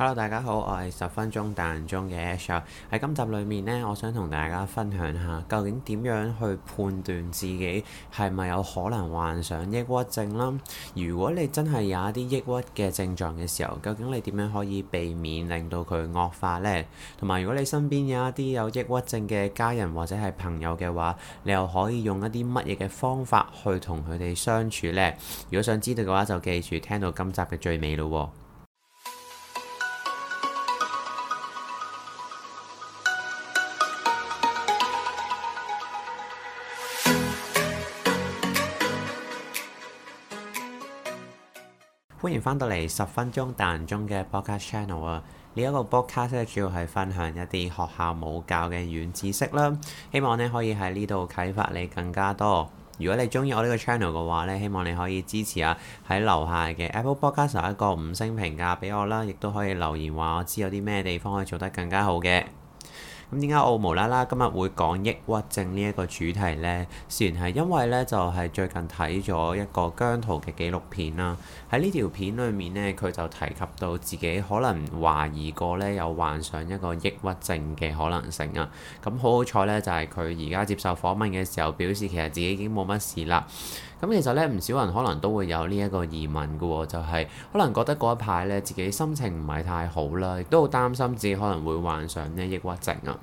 Hello，大家好，我係十分鐘大人中嘅 Ash。喺今集裏面呢，我想同大家分享下究竟點樣去判斷自己係咪有可能患上抑鬱症啦。如果你真係有一啲抑鬱嘅症狀嘅時候，究竟你點樣可以避免令到佢惡化呢？同埋，如果你身邊有一啲有抑鬱症嘅家人或者係朋友嘅話，你又可以用一啲乜嘢嘅方法去同佢哋相處呢？如果想知道嘅話，就記住聽到今集嘅最尾咯。歡迎翻到嚟十分鐘但中嘅 Podcast Channel 啊！呢一個 Podcast 主要係分享一啲學校冇教嘅軟知識啦。希望咧可以喺呢度啟發你更加多。如果你中意我呢個 channel 嘅話咧，希望你可以支持下喺樓下嘅 Apple Podcast 一個五星評價俾我啦，亦都可以留言話我知有啲咩地方可以做得更加好嘅。咁點解我無啦啦今日會講抑鬱症呢一個主題呢？事緣係因為呢，就係、是、最近睇咗一個姜濤嘅紀錄片啦。喺呢條片裏面呢，佢就提及到自己可能懷疑過呢，有患上一個抑鬱症嘅可能性啊。咁好好彩呢，就係佢而家接受訪問嘅時候表示，其實自己已經冇乜事啦。咁其實咧，唔少人可能都會有呢一個疑問嘅，就係可能覺得嗰一排咧，自己心情唔係太好啦，亦都好擔心自己可能會患上呢抑鬱症啊。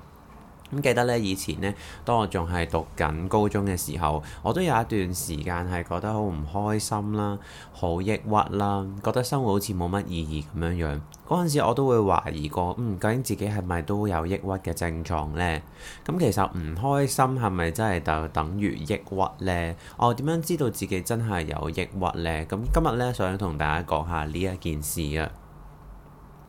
咁記得呢，以前呢，當我仲係讀緊高中嘅時候，我都有一段時間係覺得好唔開心啦，好抑鬱啦，覺得生活好似冇乜意義咁樣樣。嗰陣時我都會懷疑過，嗯，究竟自己係咪都有抑鬱嘅症狀呢？咁其實唔開心係咪真係就等於抑鬱呢？我、哦、點樣知道自己真係有抑鬱呢？咁今日呢，想同大家講下呢一件事啊！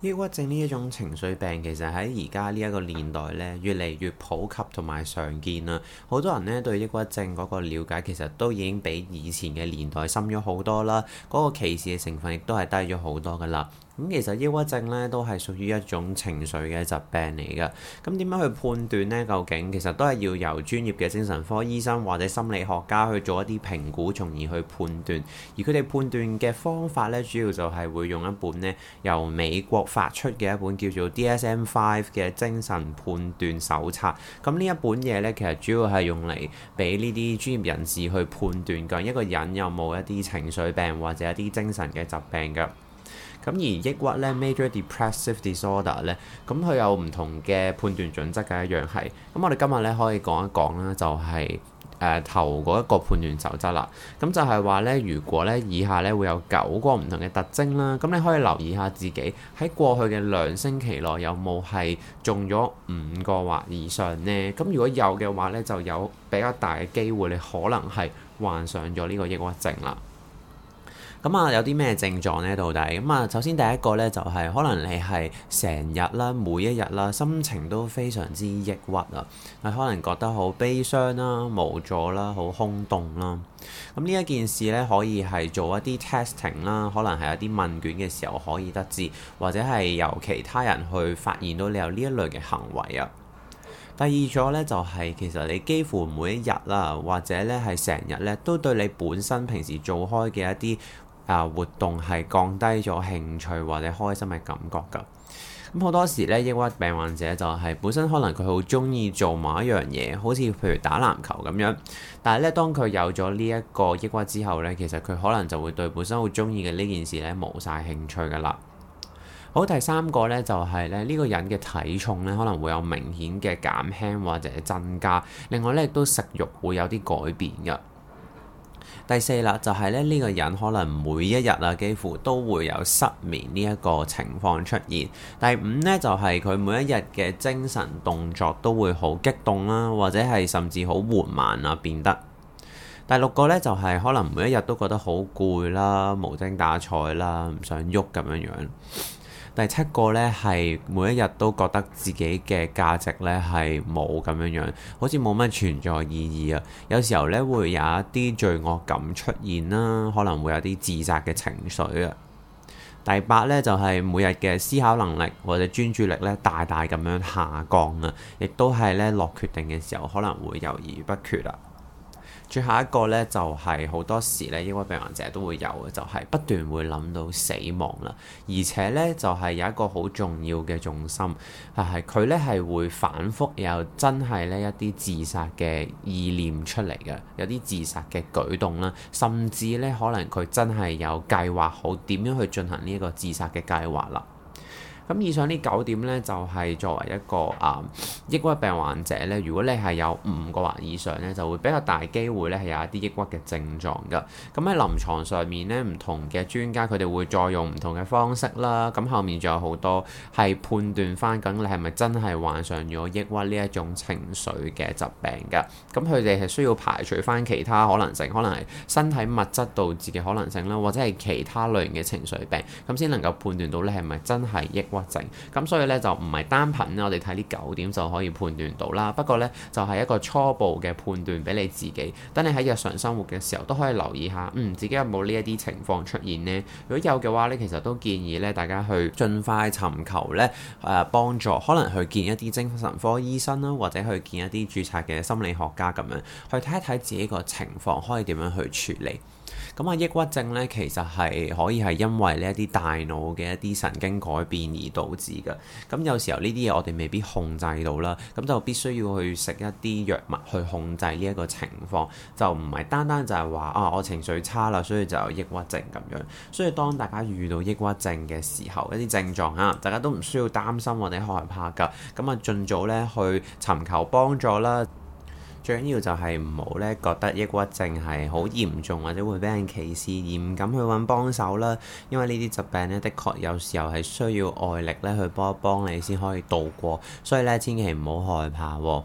抑鬱症呢一種情緒病，其實喺而家呢一個年代呢，越嚟越普及同埋常見啦。好多人呢，對抑鬱症嗰個了解，其實都已經比以前嘅年代深咗好多啦。嗰個歧視嘅成分亦都係低咗好多噶啦。咁其實抑鬱症呢，都係屬於一種情緒嘅疾病嚟㗎。咁點樣去判斷呢？究竟其實都係要由專業嘅精神科醫生或者心理學家去做一啲評估，從而去判斷。而佢哋判斷嘅方法呢，主要就係會用一本呢由美國發出嘅一本叫做 DSM 五嘅精神判斷手冊，咁呢一本嘢呢，其實主要係用嚟俾呢啲專業人士去判斷緊一個人有冇一啲情緒病或者一啲精神嘅疾病㗎。咁而抑鬱呢 major depressive disorder 呢，咁佢有唔同嘅判斷準則嘅一樣係。咁我哋今日呢，可以講一講啦，就係、是。誒、呃、頭嗰一個判斷則就質啦，咁就係話咧，如果咧以下咧會有九個唔同嘅特徵啦，咁你可以留意下自己喺過去嘅兩星期內有冇係中咗五個或以上呢。咁如果有嘅話咧，就有比較大嘅機會你可能係患上咗呢個抑鬱症啦。咁啊，有啲咩症狀呢？到底咁啊？首先第一個呢、就是，就係可能你係成日啦，每一日啦，心情都非常之抑鬱啊，你可能覺得好悲傷啦、無助啦、好空洞啦。咁呢一件事呢，可以係做一啲 testing 啦，可能係一啲問卷嘅時候可以得知，或者係由其他人去發現到你有呢一類嘅行為啊。第二咗呢、就是，就係其實你幾乎每一日啦，或者呢係成日呢，都對你本身平時做開嘅一啲，啊！活動係降低咗興趣或者開心嘅感覺㗎。咁好多時咧，抑鬱病患者就係本身可能佢好中意做某一樣嘢，好似譬如打籃球咁樣。但係咧，當佢有咗呢一個抑鬱之後咧，其實佢可能就會對本身好中意嘅呢件事咧冇晒興趣㗎啦。好，第三個咧，就係咧，呢個人嘅體重咧，可能會有明顯嘅減輕或者增加。另外咧，亦都食慾會有啲改變㗎。第四啦，就係咧呢個人可能每一日啊，幾乎都會有失眠呢一個情況出現。第五呢，就係佢每一日嘅精神動作都會好激動啦，或者係甚至好緩慢啊變得。第六個呢，就係可能每一日都覺得好攰啦、無精打采啦、唔想喐咁樣樣。第七個呢，係每一日都覺得自己嘅價值呢係冇咁樣樣，好似冇乜存在意義啊！有時候呢，會有一啲罪惡感出現啦，可能會有啲自責嘅情緒啊。第八呢，就係每日嘅思考能力或者專注力呢大大咁樣下降啊，亦都係呢落決定嘅時候可能會猶豫不決啦。最後一個呢、就是，就係好多時呢，應該病患者都會有嘅，就係、是、不斷會諗到死亡啦。而且呢，就係、是、有一個好重要嘅重心係佢呢，係會反覆有真係呢一啲自殺嘅意念出嚟嘅，有啲自殺嘅舉動啦，甚至呢，可能佢真係有計劃好點樣去進行呢個自殺嘅計劃啦。咁以上呢九點呢，就係、是、作為一個啊。抑鬱病患者咧，如果你係有五個或以上咧，就會比較大機會咧係有一啲抑鬱嘅症狀㗎。咁喺臨床上面咧，唔同嘅專家佢哋會再用唔同嘅方式啦。咁後面仲有好多係判斷翻緊你係咪真係患上咗抑鬱呢一種情緒嘅疾病㗎。咁佢哋係需要排除翻其他可能性，可能係身體物質導致嘅可能性啦，或者係其他類型嘅情緒病，咁先能夠判斷到你係咪真係抑鬱症。咁所以咧就唔係單憑我哋睇呢九點就可。可以判斷到啦，不過呢，就係一個初步嘅判斷俾你自己。等你喺日常生活嘅時候，都可以留意下，嗯，自己有冇呢一啲情況出現呢？如果有嘅話呢，其實都建議呢大家去盡快尋求呢誒幫助，可能去見一啲精神科醫生啦，或者去見一啲註冊嘅心理學家咁樣，去睇一睇自己個情況可以點樣去處理。咁啊，抑鬱症呢，其實係可以係因為呢一啲大腦嘅一啲神經改變而導致嘅。咁有時候呢啲嘢我哋未必控制到。啦，咁就必須要去食一啲藥物去控制呢一個情況，就唔係單單就係話啊，我情緒差啦，所以就有抑鬱症咁樣。所以當大家遇到抑鬱症嘅時候，一啲症狀啊，大家都唔需要擔心或者害怕㗎，咁啊盡早咧去尋求幫助啦。最緊要就係唔好咧覺得抑鬱症係好嚴重或者會俾人歧視而唔敢去揾幫手啦，因為呢啲疾病咧的確有時候係需要外力咧去幫一幫你先可以度過，所以咧千祈唔好害怕喎。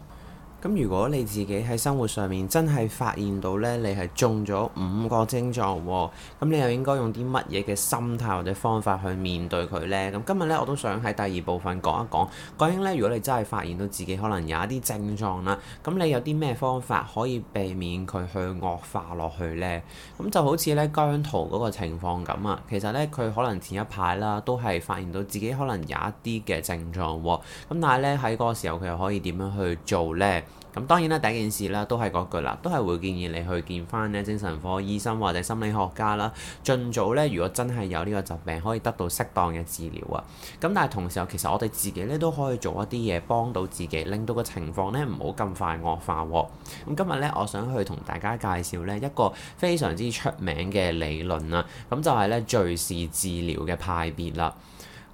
咁如果你自己喺生活上面真係發現到咧，你係中咗五個症狀，哦，咁你又應該用啲乜嘢嘅心態或者方法去面對佢咧？咁今日咧我都想喺第二部分講一講。究竟咧，如果你真係發現到自己可能有一啲症狀啦，咁你有啲咩方法可以避免佢去惡化落去咧？咁就好似咧姜濤嗰個情況咁啊，其實咧佢可能前一排啦都係發現到自己可能有一啲嘅症狀，哦，咁但係咧喺嗰時候佢又可以點樣去做咧？咁當然啦，第一件事啦，都係嗰句啦，都係會建議你去見翻呢精神科醫生或者心理學家啦，盡早呢，如果真係有呢個疾病，可以得到適當嘅治療啊。咁但係同時又，其實我哋自己呢，都可以做一啲嘢，幫到自己，令到個情況呢唔好咁快惡化喎。咁今日呢，我想去同大家介紹呢一個非常之出名嘅理論啊，咁就係呢「敍事治療」嘅派別啦。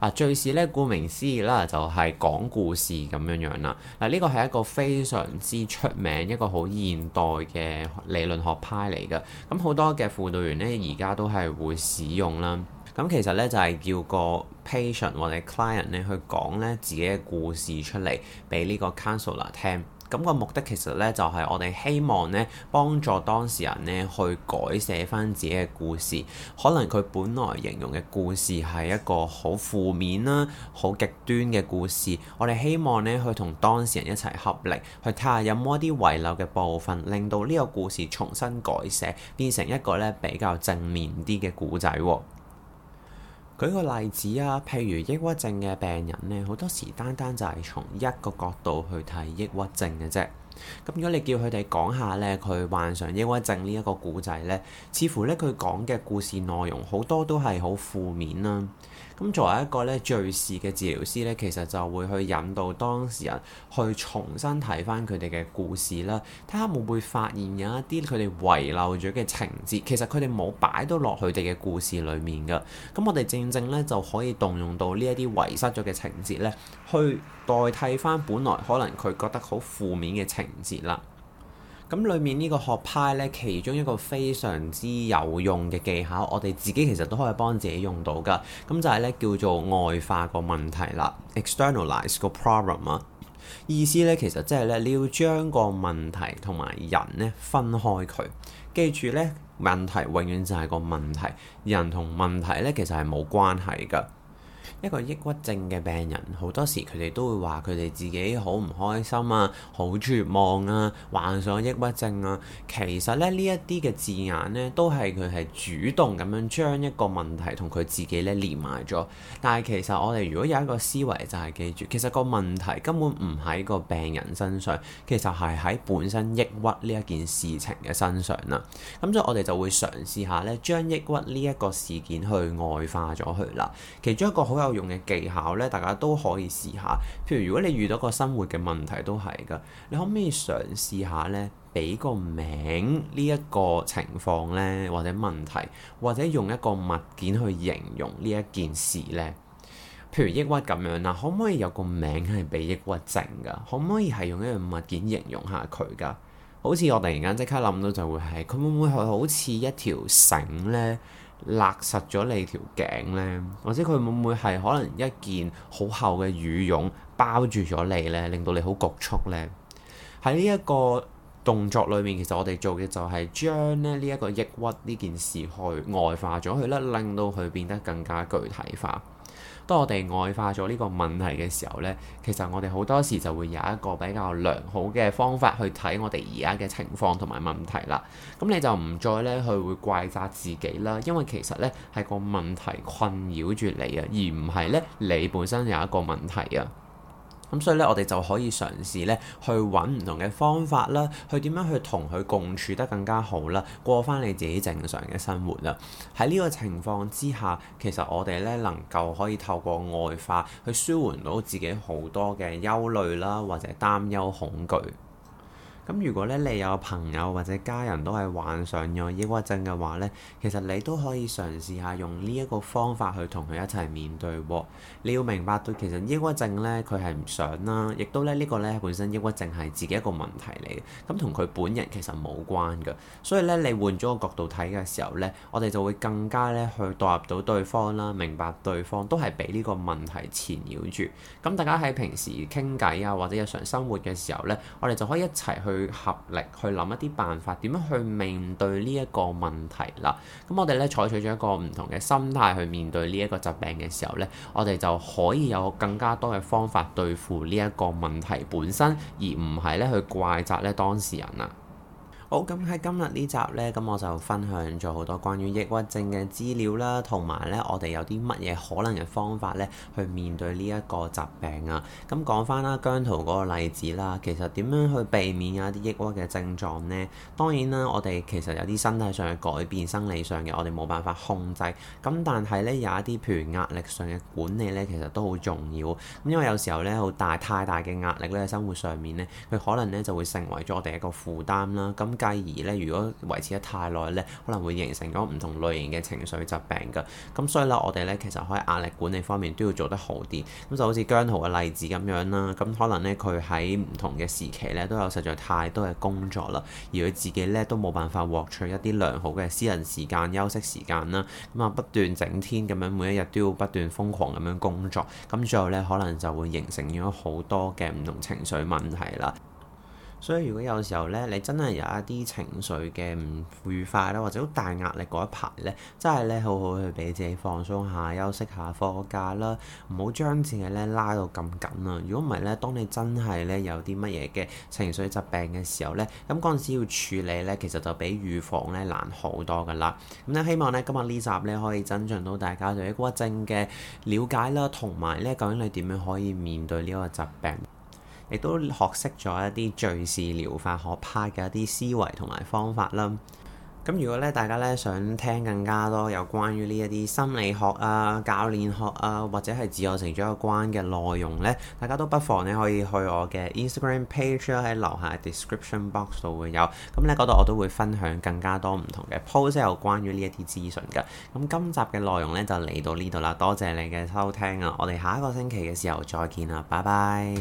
嗱，敍事咧，顧名思義啦，就係講故事咁樣樣啦。嗱，呢個係一個非常之出名、一個好現代嘅理論學派嚟嘅。咁好多嘅輔導員咧，而家都係會使用啦。咁其實咧，就係叫個 patient 或者 client 咧去講咧自己嘅故事出嚟，俾呢個 counselor 聽。咁個目的其實咧，就係我哋希望咧，幫助當事人咧去改寫翻自己嘅故事。可能佢本來形容嘅故事係一個好負面啦、好極端嘅故事。我哋希望咧，去同當事人一齊合力去睇下有冇一啲遺漏嘅部分，令到呢個故事重新改寫，變成一個咧比較正面啲嘅故仔。舉個例子啊，譬如抑鬱症嘅病人呢，好多時單單就係從一個角度去睇抑鬱症嘅啫。咁如果你叫佢哋講下呢，佢患上抑鬱症呢一個古仔呢，似乎呢，佢講嘅故事內容好多都係好負面啦。咁作為一個咧，敘事嘅治療師咧，其實就會去引導當事人去重新睇翻佢哋嘅故事啦，睇下會唔會發現有一啲佢哋遺漏咗嘅情節，其實佢哋冇擺到落佢哋嘅故事裏面㗎。咁我哋正正咧就可以動用到呢一啲遺失咗嘅情節咧，去代替翻本來可能佢覺得好負面嘅情節啦。咁裏面呢個學派呢，其中一個非常之有用嘅技巧，我哋自己其實都可以幫自己用到噶。咁就係呢，叫做外化個問題啦，externalize 個 problem 啊。意思呢，其實即係呢，你要將個問題同埋人呢分開佢。記住呢，問題永遠就係個問題，人同問題呢其實係冇關係噶。一個抑鬱症嘅病人，好多時佢哋都會話佢哋自己好唔開心啊，好絕望啊，患上抑鬱症啊。其實咧呢一啲嘅字眼呢，都係佢係主動咁樣將一個問題同佢自己咧連埋咗。但係其實我哋如果有一個思維就係記住，其實個問題根本唔喺個病人身上，其實係喺本身抑鬱呢一件事情嘅身上啦。咁、嗯、所以我哋就會嘗試下呢，將抑鬱呢一個事件去外化咗佢啦。其中一個好有用嘅技巧呢，大家都可以試下。譬如如果你遇到個生活嘅問題，都係噶，你可唔可以嘗試下呢？俾個名呢一個情況呢？或者問題，或者用一個物件去形容呢一件事呢？譬如抑鬱咁樣，嗱、啊，可唔可以有個名係俾抑鬱症噶？可唔可以係用一樣物件形容下佢噶？好似我突然間即刻諗到就會係，佢會唔會係好似一條繩呢？勒實咗你條頸呢，或者佢會唔會係可能一件好厚嘅羽絨包住咗你呢，令到你好局促呢？喺呢一個動作裏面，其實我哋做嘅就係將呢呢一個抑鬱呢件事去外化咗佢啦，令到佢變得更加具體化。當我哋外化咗呢個問題嘅時候呢，其實我哋好多時就會有一個比較良好嘅方法去睇我哋而家嘅情況同埋問題啦。咁你就唔再呢去會怪責自己啦，因為其實呢係個問題困擾住你呀，而唔係呢你本身有一個問題呀。咁所以咧，我哋就可以嘗試咧，去揾唔同嘅方法啦，去點樣去同佢共處得更加好啦，過翻你自己正常嘅生活啦。喺呢個情況之下，其實我哋咧能夠可以透過外化去舒緩到自己好多嘅憂慮啦，或者擔憂恐懼。咁如果咧，你有朋友或者家人都係患上咗抑鬱症嘅話咧，其實你都可以嘗試下用呢一個方法去同佢一齊面對，啊。你要明白到其實抑鬱症咧佢係唔想啦，亦都咧呢、呢個咧本身抑鬱症係自己一個問題嚟嘅，咁同佢本人其實冇關嘅。所以咧，你換咗個角度睇嘅時候咧，我哋就會更加咧去代入到對方啦，明白對方都係被呢個問題纏繞住。咁、嗯、大家喺平時傾偈啊或者日常生活嘅時候咧，我哋就可以一齊去。去合力去諗一啲辦法，點樣去面對呢一個問題啦。咁我哋咧採取咗一個唔同嘅心態去面對呢一個疾病嘅時候咧，我哋就可以有更加多嘅方法對付呢一個問題本身，而唔係咧去怪責咧當事人啊。好，咁喺今日呢集呢，咁我就分享咗好多關於抑鬱症嘅資料啦，同埋呢，我哋有啲乜嘢可能嘅方法呢？去面對呢一個疾病啊。咁講翻啦，姜濤嗰個例子啦，其實點樣去避免啊啲抑鬱嘅症狀呢？當然啦，我哋其實有啲身體上嘅改變、生理上嘅，我哋冇辦法控制。咁但係呢，有一啲譬如壓力上嘅管理呢，其實都好重要。咁因為有時候呢，好大太大嘅壓力呢喺生活上面呢，佢可能呢就會成為咗我哋一個負擔啦。咁繼而咧，如果維持得太耐咧，可能會形成咗唔同類型嘅情緒疾病嘅。咁所以咧，我哋咧其實可以壓力管理方面都要做得好啲。咁就好似姜濤嘅例子咁樣啦。咁可能咧，佢喺唔同嘅時期咧都有實在有太多嘅工作啦，而佢自己咧都冇辦法獲取一啲良好嘅私人時間、休息時間啦。咁啊，不斷整天咁樣每一日都要不斷瘋狂咁樣工作。咁最後咧，可能就會形成咗好多嘅唔同情緒問題啦。所以如果有時候咧，你真係有一啲情緒嘅唔愉快啦，或者好大壓力嗰一排咧，真係咧好好去俾自己放鬆下、休息下、放假啦，唔好將自己咧拉到咁緊啊！如果唔係咧，當你真係咧有啲乜嘢嘅情緒疾病嘅時候咧，咁嗰陣時要處理咧，其實就比預防咧難好多噶啦。咁咧希望咧今日呢集咧可以增進到大家對抑鬱症嘅了解啦，同埋咧究竟你點樣可以面對呢一個疾病？亦都學識咗一啲敘事療法學派嘅一啲思維同埋方法啦。咁如果咧，大家咧想聽更加多有關於呢一啲心理學啊、教練學啊，或者係自我成長有關嘅內容呢，大家都不妨呢可以去我嘅 Instagram page 啦，喺樓下 description box 度會有。咁呢嗰度我都會分享更加多唔同嘅 post 有關於呢一啲資訊嘅。咁今集嘅內容呢就嚟到呢度啦，多謝你嘅收聽啊！我哋下一個星期嘅時候再見啦，拜拜。